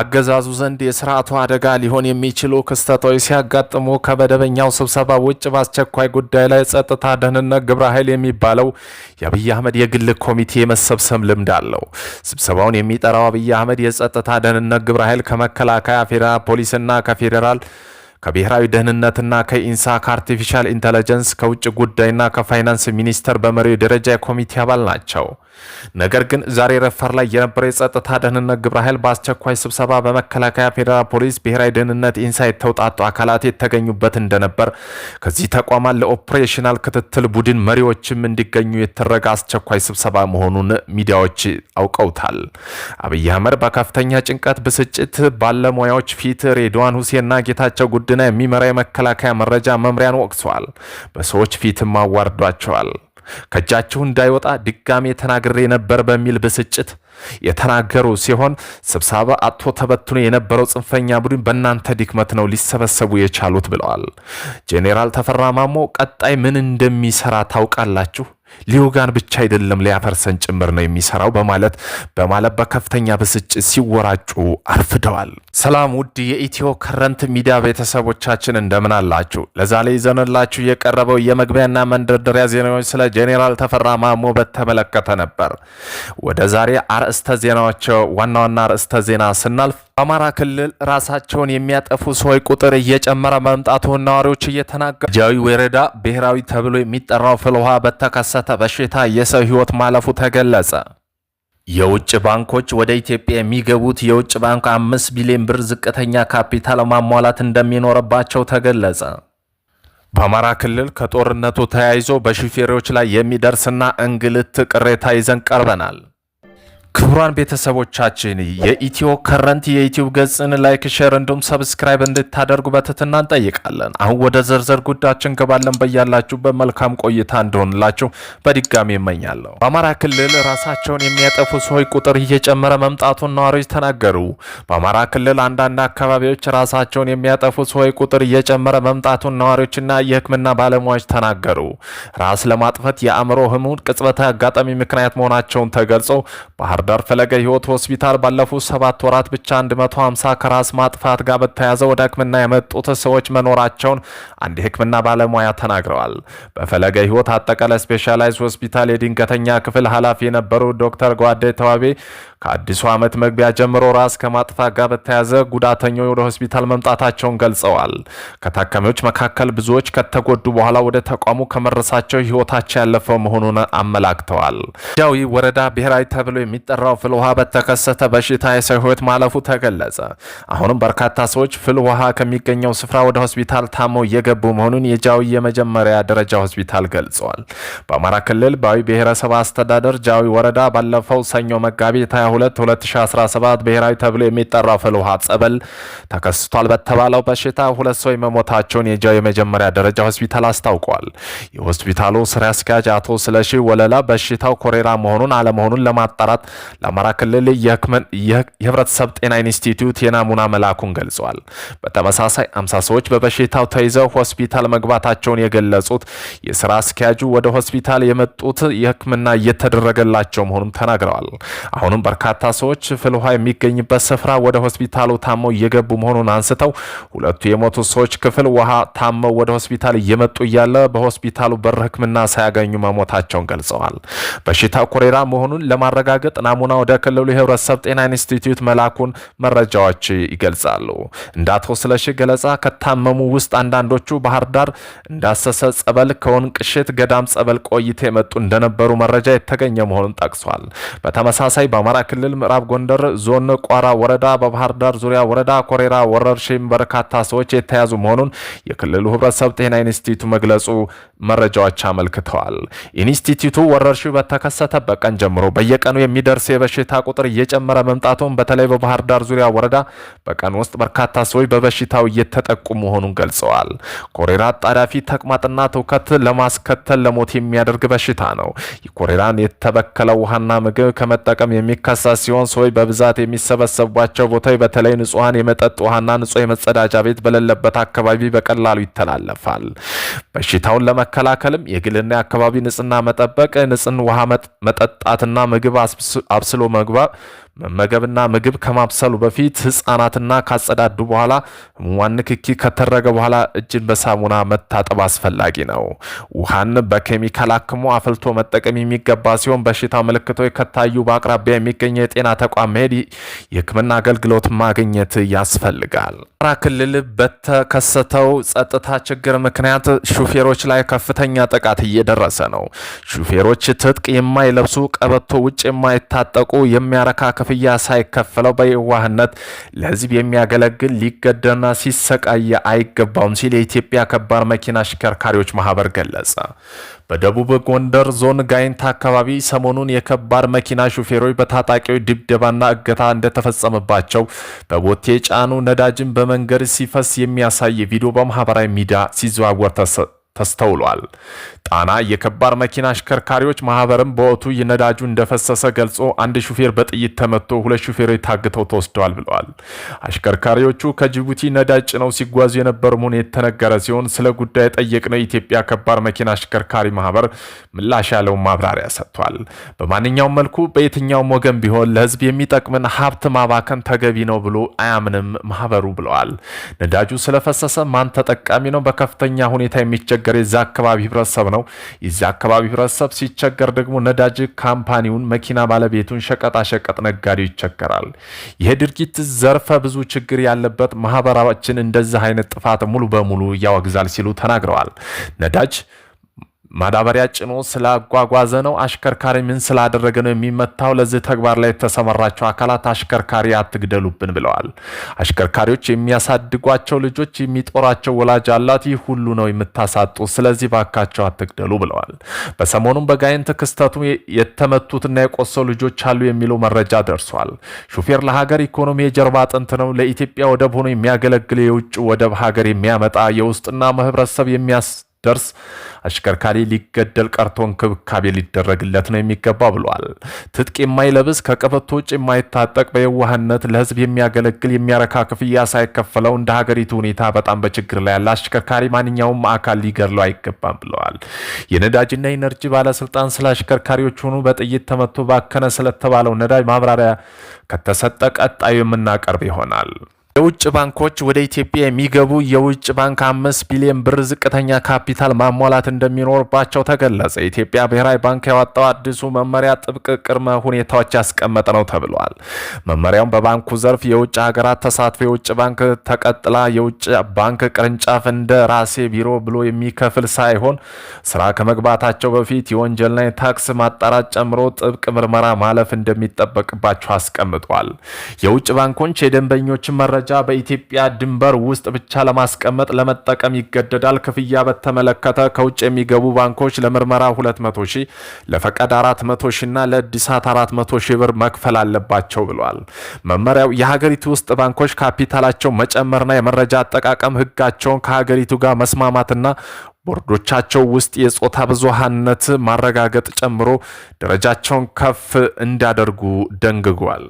በአገዛዙ ዘንድ የስርዓቱ አደጋ ሊሆን የሚችሉ ክስተቶች ሲያጋጥሙ ከመደበኛው ስብሰባ ውጭ በአስቸኳይ ጉዳይ ላይ ጸጥታ፣ ደህንነት ግብረ ኃይል የሚባለው የአብይ አህመድ የግል ኮሚቴ መሰብሰብ ልምድ አለው። ስብሰባውን የሚጠራው አብይ አህመድ የጸጥታ፣ ደህንነት ግብረ ኃይል ከመከላከያ ፌዴራል ፖሊስና ከፌዴራል ከብሔራዊ ደህንነትና ከኢንሳ አርቲፊሻል ኢንተለጀንስ ከውጭ ጉዳይና ከፋይናንስ ሚኒስቴር በመሪው ደረጃ የኮሚቴ አባል ናቸው። ነገር ግን ዛሬ ረፋር ላይ የነበረው የጸጥታ ደህንነት ግብረ ኃይል በአስቸኳይ ስብሰባ በመከላከያ ፌዴራል ፖሊስ፣ ብሔራዊ ደህንነት፣ ኢንሳ የተውጣጡ አካላት የተገኙበት እንደነበር ከዚህ ተቋማት ለኦፕሬሽናል ክትትል ቡድን መሪዎችም እንዲገኙ የተደረገ አስቸኳይ ስብሰባ መሆኑን ሚዲያዎች አውቀውታል። አብይ አህመድ በከፍተኛ ጭንቀት፣ ብስጭት ባለሙያዎች ፊት ሬድዋን ሁሴንና ጌታቸው ጉዳይ ጉድና የሚመራ የመከላከያ መረጃ መምሪያን ወቅሰዋል። በሰዎች ፊትም አዋርዷቸዋል። ከእጃችሁ እንዳይወጣ ድጋሜ ተናግሬ ነበር በሚል ብስጭት የተናገሩ ሲሆን ስብሰባ አጥቶ ተበትኖ የነበረው ጽንፈኛ ቡድን በእናንተ ድክመት ነው ሊሰበሰቡ የቻሉት ብለዋል። ጄኔራል ተፈራ ማሞ ቀጣይ ምን እንደሚሰራ ታውቃላችሁ ሊዮጋን ብቻ አይደለም ሊያፈርሰን ጭምር ነው የሚሰራው በማለት በማለት በከፍተኛ ብስጭት ሲወራጩ አርፍደዋል። ሰላም ውድ የኢትዮ ከረንት ሚዲያ ቤተሰቦቻችን እንደምን አላችሁ? ላይ ይዘንላችሁ የቀረበው የመግቢያና መንደርደሪያ ዜናዎች ስለ ጄኔራል ተፈራ ማሞ በተመለከተ ነበር። ወደ ዛሬ አርዕስተ ዜናቸው ዋና ዋና አርዕስተ ዜና ስናልፍ በአማራ ክልል ራሳቸውን የሚያጠፉ ሰዎች ቁጥር እየጨመረ መምጣቱን ነዋሪዎች እየተናገሩ ጃዊ ወረዳ ብሔራዊ ተብሎ የሚጠራው ፍልውሃ በተከሰ በተከሰተ በሽታ የሰው ህይወት ማለፉ ተገለጸ። የውጭ ባንኮች ወደ ኢትዮጵያ የሚገቡት የውጭ ባንክ አምስት ቢሊዮን ብር ዝቅተኛ ካፒታል ማሟላት እንደሚኖርባቸው ተገለጸ። በአማራ ክልል ከጦርነቱ ተያይዞ በሹፌሮች ላይ የሚደርስና እንግልት ቅሬታ ይዘን ቀርበናል። ክቡራን ቤተሰቦቻችን የኢትዮ ከረንት የዩትዩብ ገጽን ላይክ፣ ሼር እንዲሁም ሰብስክራይብ እንድታደርጉ በትህትና እንጠይቃለን። አሁን ወደ ዝርዝር ጉዳያችን እንገባለን። በያላችሁበት መልካም ቆይታ እንደሆንላችሁ በድጋሚ ይመኛለሁ። በአማራ ክልል ራሳቸውን የሚያጠፉ ሰዎች ቁጥር እየጨመረ መምጣቱን ነዋሪዎች ተናገሩ። በአማራ ክልል አንዳንድ አካባቢዎች ራሳቸውን የሚያጠፉ ሰዎች ቁጥር እየጨመረ መምጣቱን ነዋሪዎችና የሕክምና ባለሙያዎች ተናገሩ። ራስ ለማጥፈት የአእምሮ ህሙን ቅጽበታዊ አጋጣሚ ምክንያት መሆናቸውን ተገልጸው ባህር ዳር ፈለገ ህይወት ሆስፒታል ባለፉት ሰባት ወራት ብቻ 150 ከራስ ማጥፋት ጋር በተያያዘ ወደ ህክምና የመጡት ሰዎች መኖራቸውን አንድ የህክምና ባለሙያ ተናግረዋል። በፈለገ ህይወት አጠቃላይ ስፔሻላይዝ ሆስፒታል የድንገተኛ ክፍል ኃላፊ የነበሩ ዶክተር ጓዴ ተዋቤ ከአዲሱ ዓመት መግቢያ ጀምሮ ራስ ከማጥፋት ጋር በተያዘ ጉዳተኞች ወደ ሆስፒታል መምጣታቸውን ገልጸዋል። ከታካሚዎች መካከል ብዙዎች ከተጎዱ በኋላ ወደ ተቋሙ ከመረሳቸው ህይወታቸው ያለፈው መሆኑን አመላክተዋል። ጃዊ ወረዳ ብሔራዊ ተብሎ የሚጠራው ፍል ውሃ በተከሰተ በሽታ የሰው ህይወት ማለፉ ተገለጸ። አሁንም በርካታ ሰዎች ፍል ውሃ ከሚገኘው ስፍራ ወደ ሆስፒታል ታመው እየገቡ መሆኑን የጃዊ የመጀመሪያ ደረጃ ሆስፒታል ገልጿል። በአማራ ክልል በአዊ ብሔረሰብ አስተዳደር ጃዊ ወረዳ ባለፈው ሰኞ መጋቢት 22 2017 ብሔራዊ ተብሎ የሚጠራው ፍል ውሃ ጸበል ተከስቷል በተባለው በሽታ ሁለት ሰው መሞታቸውን የጃው የመጀመሪያ ደረጃ ሆስፒታል አስታውቋል። የሆስፒታሉ ስራ አስኪያጅ አቶ ስለሺ ወለላ በሽታው ኮሌራ መሆኑን አለመሆኑን ለማጣራት ለአማራ ክልል የህብረተሰብ ጤና ኢንስቲትዩት የናሙና መላኩን ገልጿል። በተመሳሳይ 50 ሰዎች በበሽታው ተይዘው ሆስፒታል መግባታቸውን የገለጹት የስራ አስኪያጁ ወደ ሆስፒታል የመጡት የህክምና እየተደረገላቸው መሆኑን ተናግረዋል። አሁንም በርካታ ሰዎች ፍል ውሃ የሚገኝበት ስፍራ ወደ ሆስፒታሉ ታመው እየገቡ መሆኑን አንስተው ሁለቱ የሞቱ ሰዎች ክፍል ውሃ ታመው ወደ ሆስፒታል እየመጡ እያለ በሆስፒታሉ በር ሕክምና ሳያገኙ መሞታቸውን ገልጸዋል። በሽታ ኮሌራ መሆኑን ለማረጋገጥ ናሙና ወደ ክልሉ የህብረተሰብ ጤና ኢንስቲትዩት መላኩን መረጃዎች ይገልጻሉ። እንደ አቶ ስለሺ ገለጻ ከታመሙ ውስጥ አንዳንዶቹ ባህር ዳር እንዳሰሰ ጸበል፣ ከወንቅ እሸት ገዳም ጸበል ቆይተ የመጡ እንደነበሩ መረጃ የተገኘ መሆኑን ጠቅሷል። በተመሳሳይ በአማራ ክልል ምዕራብ ጎንደር ዞን ቋራ ወረዳ በባህር ዳር ዙሪያ ወረዳ ኮሬራ ወረርሽኝ በርካታ ሰዎች የተያዙ መሆኑን የክልሉ ህብረተሰብ ጤና ኢንስቲትዩቱ መግለጹ መረጃዎች አመልክተዋል። ኢንስቲትዩቱ ወረርሽኝ በተከሰተበት ቀን ጀምሮ በየቀኑ የሚደርስ የበሽታ ቁጥር እየጨመረ መምጣቱን በተለይ በባህር ዳር ዙሪያ ወረዳ በቀን ውስጥ በርካታ ሰዎች በበሽታው እየተጠቁ መሆኑን ገልጸዋል። ኮሬራ አጣዳፊ ተቅማጥና ትውከት ለማስከተል ለሞት የሚያደርግ በሽታ ነው። ኮሬራን የተበከለ ውሃና ምግብ ከመጠቀም የሚከሰ የተነሳ ሲሆን ሰዎች በብዛት የሚሰበሰቧቸው ቦታዎች በተለይ ንጹሐን የመጠጥ ውሃና ንጹህ የመጸዳጃ ቤት በሌለበት አካባቢ በቀላሉ ይተላለፋል። በሽታውን ለመከላከልም የግልና የአካባቢ ንጽህና መጠበቅ፣ ንጽህ ውሃ መጠጣትና ምግብ አብስሎ መግባ መመገብና ምግብ ከማብሰሉ በፊት ህፃናትና ካጸዳዱ በኋላ ህሙማን ንክኪ ከተረገ በኋላ እጅን በሳሙና መታጠብ አስፈላጊ ነው። ውሃን በኬሚካል አክሞ አፍልቶ መጠቀም የሚገባ ሲሆን በሽታ ምልክቶች ከታዩ በአቅራቢያ የሚገኘ የጤና ተቋም መሄድ፣ የህክምና አገልግሎት ማግኘት ያስፈልጋል። አማራ ክልል በተከሰተው ጸጥታ ችግር ምክንያት ሹፌሮች ላይ ከፍተኛ ጥቃት እየደረሰ ነው። ሹፌሮች ትጥቅ የማይለብሱ ቀበቶ ውጭ የማይታጠቁ የሚያረካ ክፍያ ሳይከፈለው በየዋህነት ለህዝብ የሚያገለግል ሊገደና ሲሰቃየ አይገባውም ሲል የኢትዮጵያ ከባድ መኪና አሽከርካሪዎች ማህበር ገለጸ። በደቡብ ጎንደር ዞን ጋይንት አካባቢ ሰሞኑን የከባድ መኪና ሹፌሮች በታጣቂዎች ድብደባና እገታ እንደተፈጸመባቸው በቦቴ ጫኑ ነዳጅን በመንገድ ሲፈስ የሚያሳይ ቪዲዮ በማህበራዊ ሚዲያ ሲዘዋወር ተሰጥ ተስተውሏል። ጣና የከባድ መኪና አሽከርካሪዎች ማህበርም በወቅቱ ነዳጁ እንደፈሰሰ ገልጾ አንድ ሹፌር በጥይት ተመቶ ሁለት ሹፌሮች ታግተው ተወስደዋል ብለዋል። አሽከርካሪዎቹ ከጅቡቲ ነዳጅ ጭነው ሲጓዙ የነበሩ መሆኑ የተነገረ ሲሆን ስለ ጉዳይ የጠየቅነው የኢትዮጵያ ከባድ መኪና አሽከርካሪ ማህበር ምላሽ ያለውን ማብራሪያ ሰጥቷል። በማንኛውም መልኩ በየትኛውም ወገን ቢሆን ለህዝብ የሚጠቅምን ሀብት ማባከን ተገቢ ነው ብሎ አያምንም ማህበሩ ብለዋል። ነዳጁ ስለፈሰሰ ማን ተጠቃሚ ነው? በከፍተኛ ሁኔታ የሚቸ ሲቸገር የዛ አካባቢ ህብረተሰብ ነው። የዚ አካባቢ ህብረተሰብ ሲቸገር ደግሞ ነዳጅ ካምፓኒውን፣ መኪና ባለቤቱን፣ ሸቀጣሸቀጥ ነጋዴው ይቸገራል። ይሄ ድርጊት ዘርፈ ብዙ ችግር ያለበት ማህበራችን እንደዚህ አይነት ጥፋት ሙሉ በሙሉ ያወግዛል ሲሉ ተናግረዋል። ነዳጅ ማዳበሪያ ጭኖ ስላጓጓዘ ነው፣ አሽከርካሪ ምን ስላደረገ ነው የሚመታው? ለዚህ ተግባር ላይ የተሰማራቸው አካላት አሽከርካሪ አትግደሉብን ብለዋል። አሽከርካሪዎች የሚያሳድጓቸው ልጆች የሚጦራቸው ወላጅ አላት። ይህ ሁሉ ነው የምታሳጡ። ስለዚህ ባካቸው አትግደሉ ብለዋል። በሰሞኑም በጋይንት ክስተቱ የተመቱትና የቆሰው ልጆች አሉ የሚለው መረጃ ደርሷል። ሹፌር ለሀገር ኢኮኖሚ የጀርባ አጥንት ነው። ለኢትዮጵያ ወደብ ሆኖ የሚያገለግል የውጭ ወደብ ሀገር የሚያመጣ የውስጥና ማህበረሰብ የሚያስ ሲደርስ አሽከርካሪ ሊገደል ቀርቶ እንክብካቤ ሊደረግለት ነው የሚገባ ብሏል። ትጥቅ የማይለብስ ከቀበቶ ውጭ የማይታጠቅ በየዋህነት ለህዝብ የሚያገለግል የሚያረካ ክፍያ ሳይከፈለው እንደ ሀገሪቱ ሁኔታ በጣም በችግር ላይ ያለ አሽከርካሪ ማንኛውም አካል ሊገድለው አይገባም ብለዋል። የነዳጅና ኢነርጂ ባለስልጣን ስለ አሽከርካሪዎች ሆኑ በጥይት ተመቶ ባከነ ስለተባለው ነዳጅ ማብራሪያ ከተሰጠ ቀጣዩ የምናቀርብ ይሆናል። የውጭ ባንኮች ወደ ኢትዮጵያ የሚገቡ የውጭ ባንክ አምስት ቢሊዮን ብር ዝቅተኛ ካፒታል ማሟላት እንደሚኖርባቸው ተገለጸ። የኢትዮጵያ ብሔራዊ ባንክ ያወጣው አዲሱ መመሪያ ጥብቅ ቅድመ ሁኔታዎች ያስቀመጠ ነው ተብሏል። መመሪያውም በባንኩ ዘርፍ የውጭ ሀገራት ተሳትፎ የውጭ ባንክ ተቀጥላ የውጭ ባንክ ቅርንጫፍ እንደ ራሴ ቢሮ ብሎ የሚከፍል ሳይሆን ስራ ከመግባታቸው በፊት የወንጀልና የታክስ ማጣራት ጨምሮ ጥብቅ ምርመራ ማለፍ እንደሚጠበቅባቸው አስቀምጧል። የውጭ ባንኮች የደንበኞችን መረ መረጃ በኢትዮጵያ ድንበር ውስጥ ብቻ ለማስቀመጥ ለመጠቀም ይገደዳል። ክፍያ በተመለከተ ከውጭ የሚገቡ ባንኮች ለምርመራ 200 ሺህ፣ ለፈቃድ 400 ሺህ እና ለእድሳት 400 ሺህ ብር መክፈል አለባቸው ብሏል መመሪያው የሀገሪቱ ውስጥ ባንኮች ካፒታላቸው መጨመርና የመረጃ አጠቃቀም ህጋቸውን ከሀገሪቱ ጋር መስማማትና ቦርዶቻቸው ውስጥ የጾታ ብዙሃነት ማረጋገጥ ጨምሮ ደረጃቸውን ከፍ እንዲያደርጉ ደንግጓል።